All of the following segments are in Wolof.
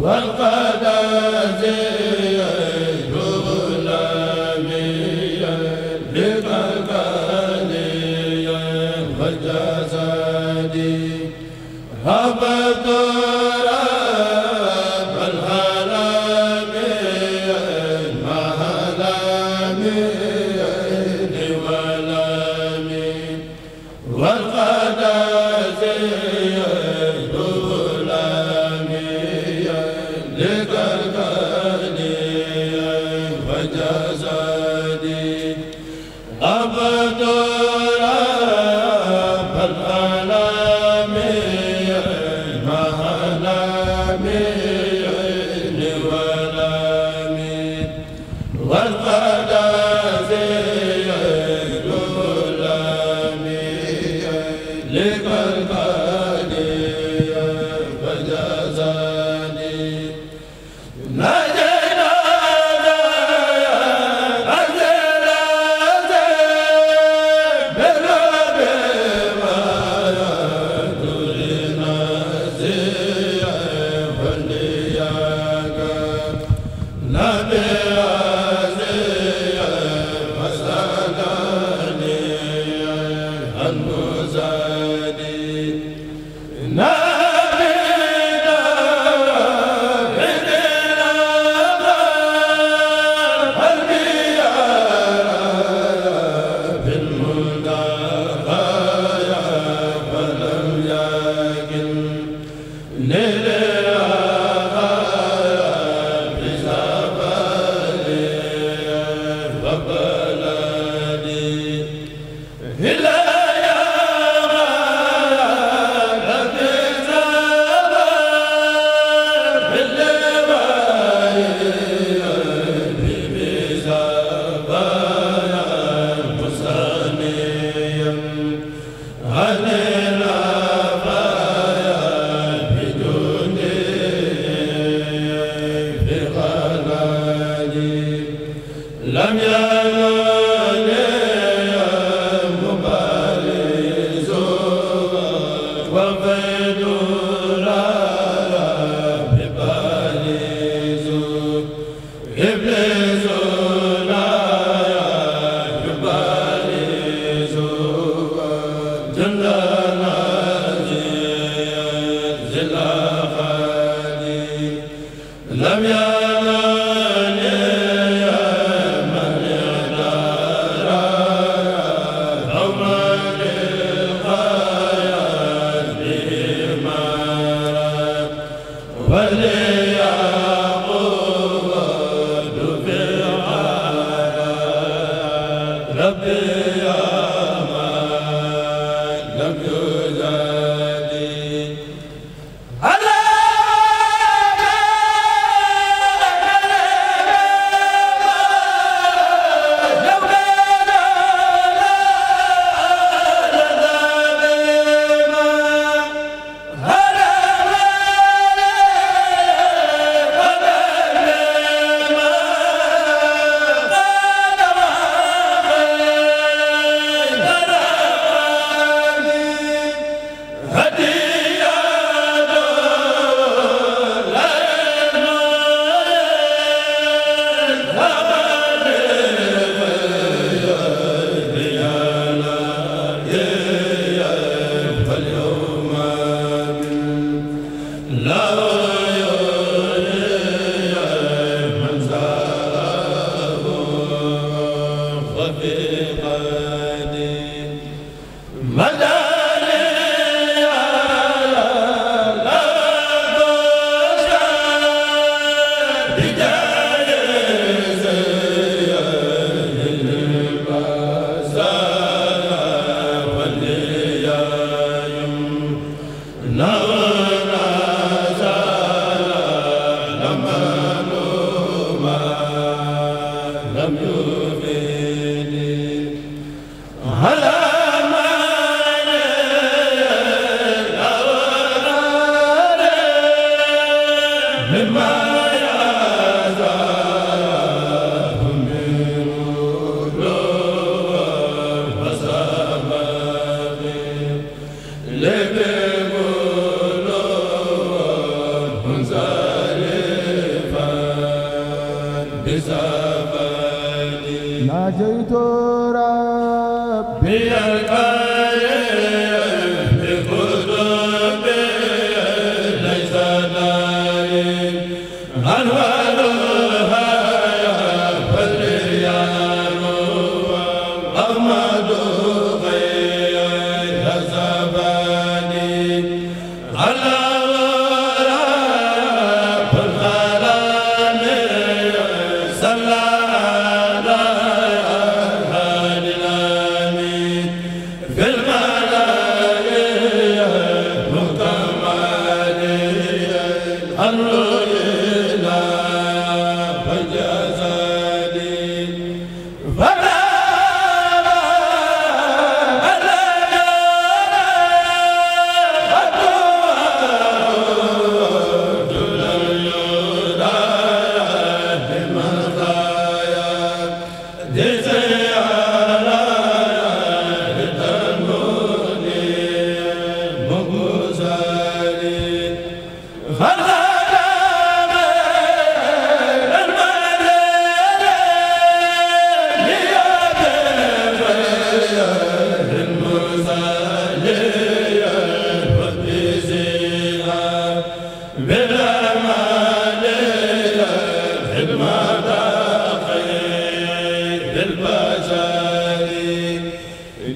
والقدر amiin wala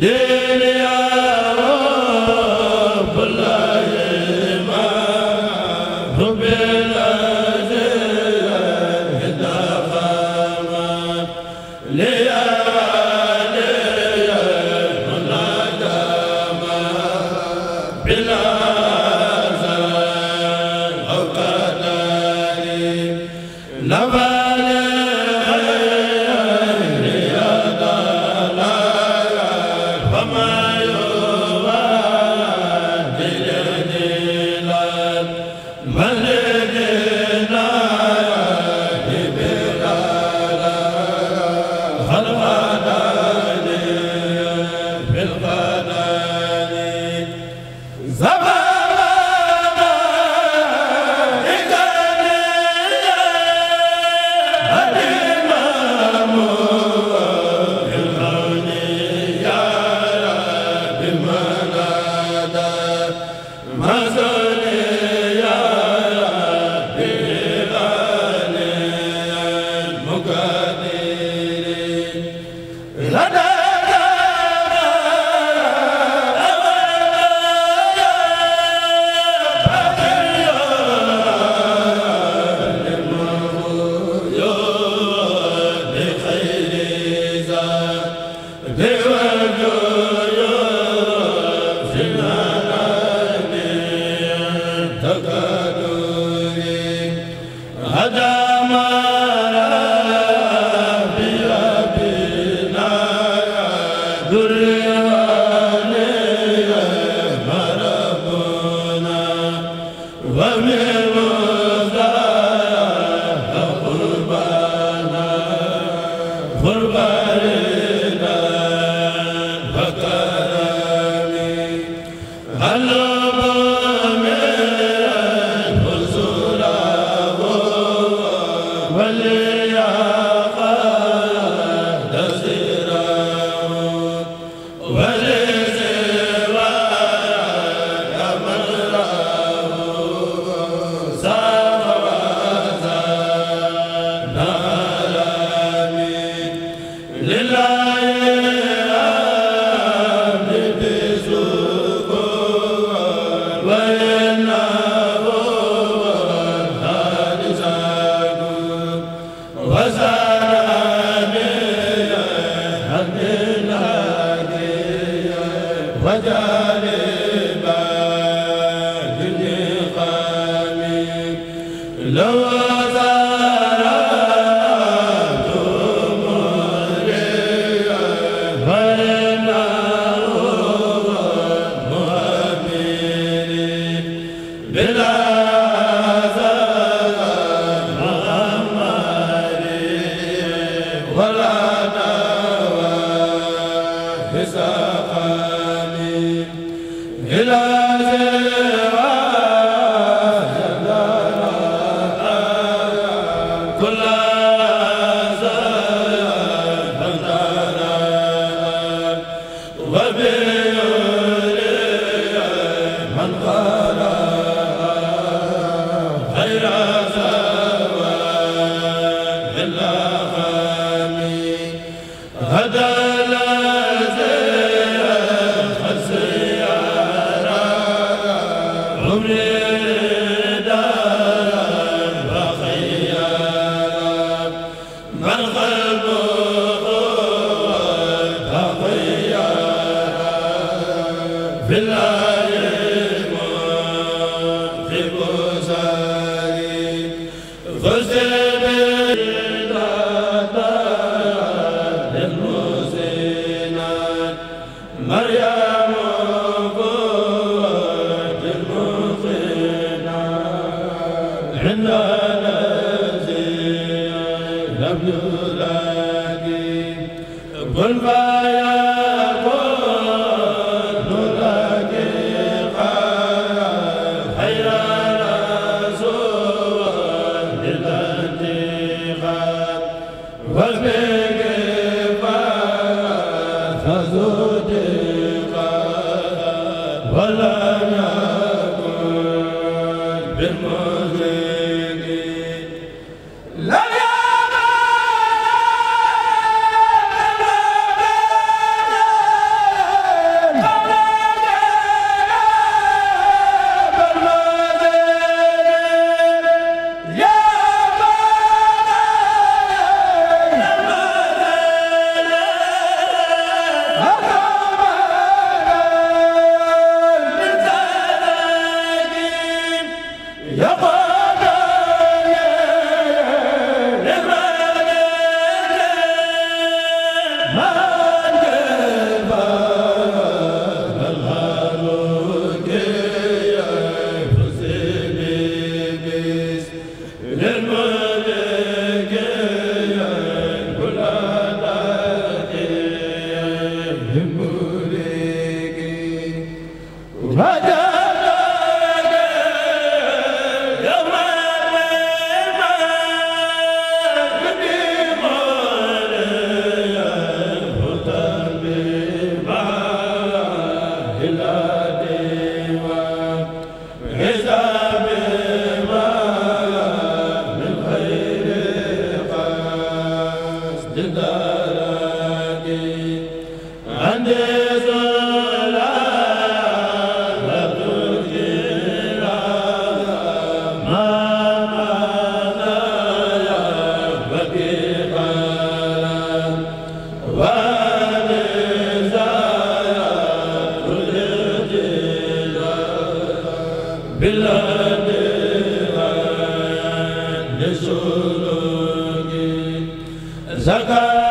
dee bul li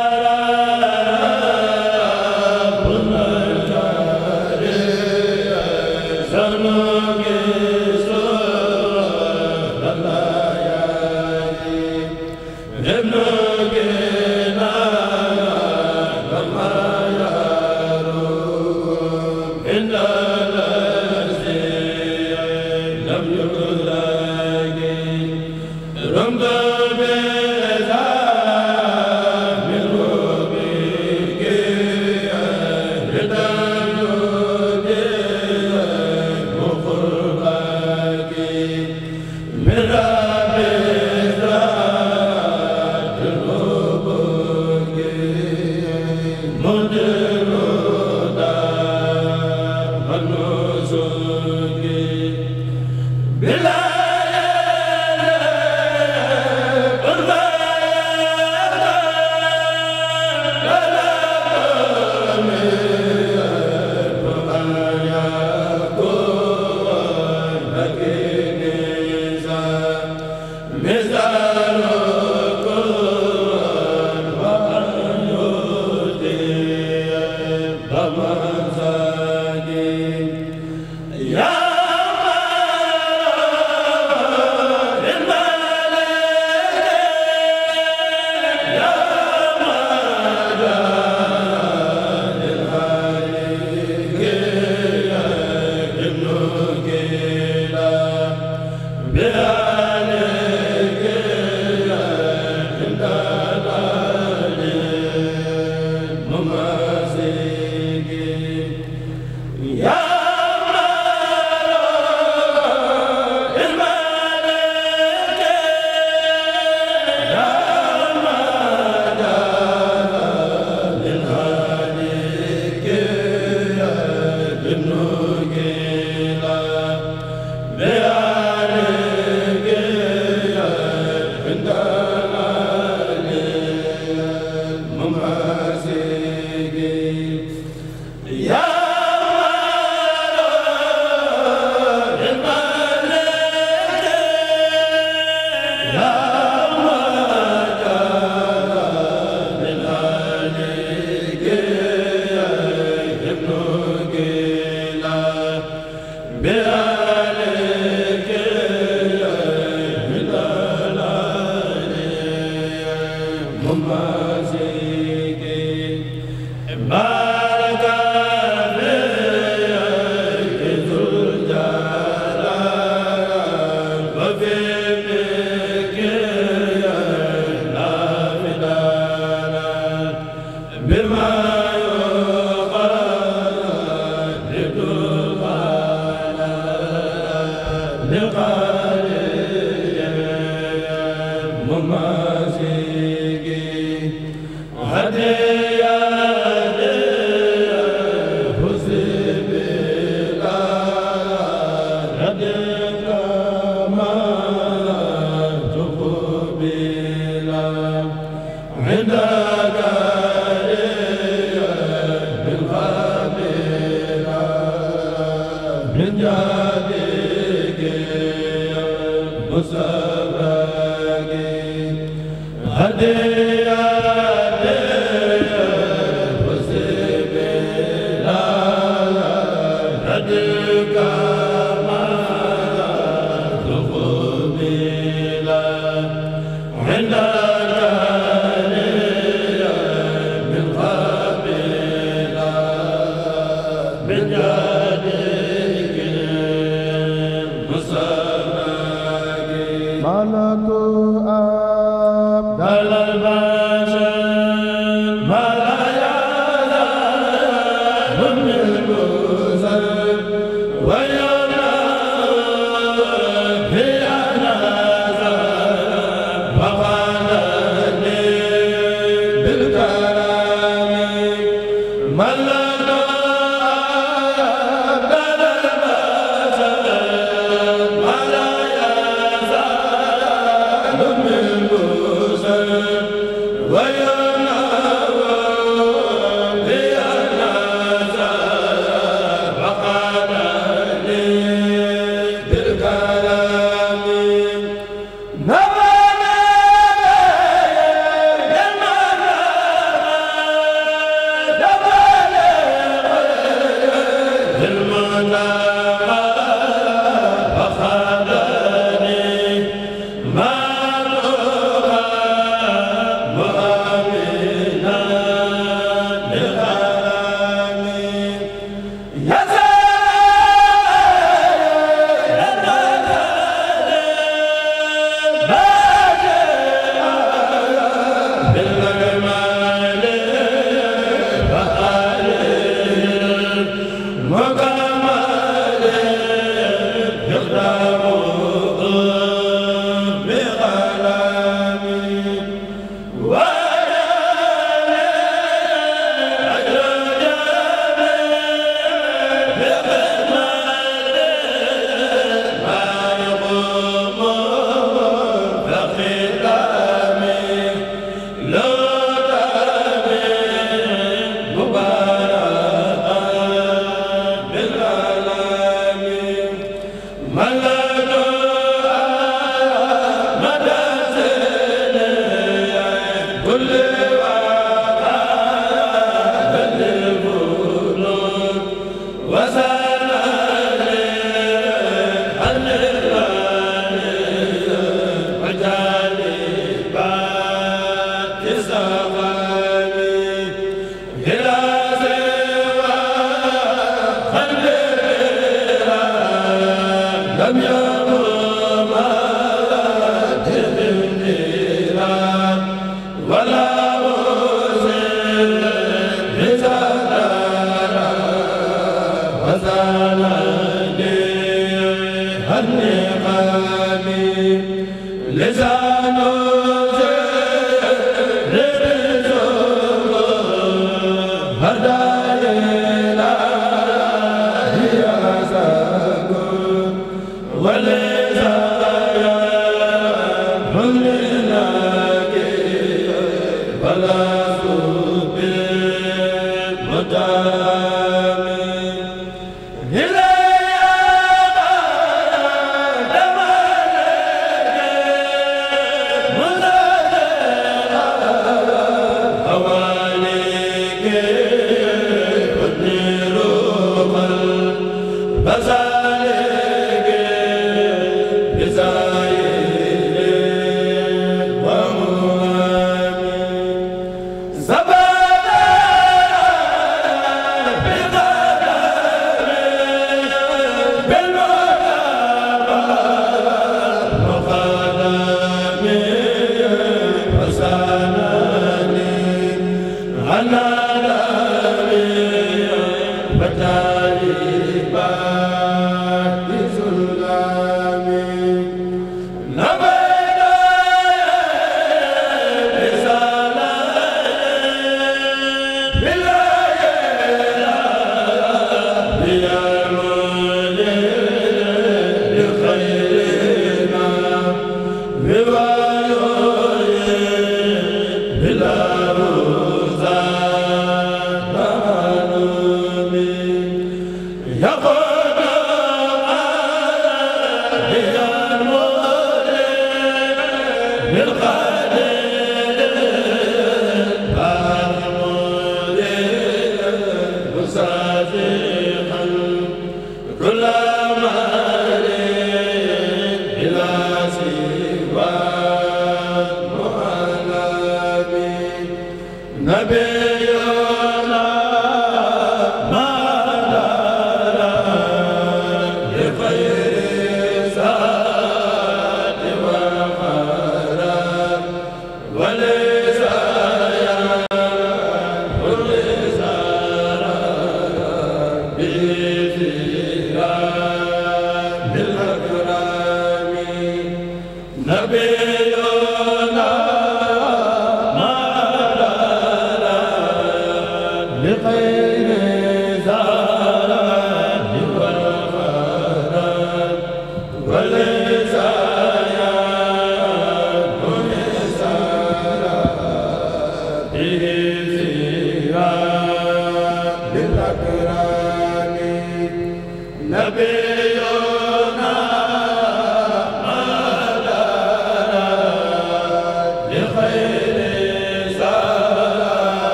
musa lam yaa بخير